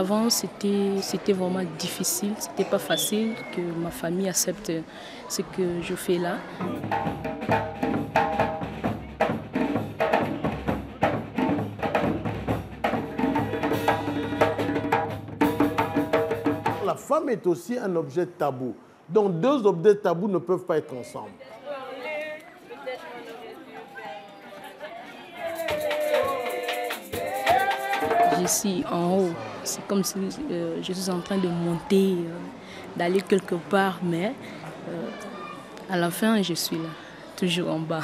Avant, c'était vraiment difficile, c'était pas facile que ma famille accepte ce que je fais là. La femme est aussi un objet tabou. Donc deux objets tabous ne peuvent pas être ensemble. ici en haut. C'est comme si euh, je suis en train de monter, euh, d'aller quelque part, mais euh, à la fin, je suis là, toujours en bas.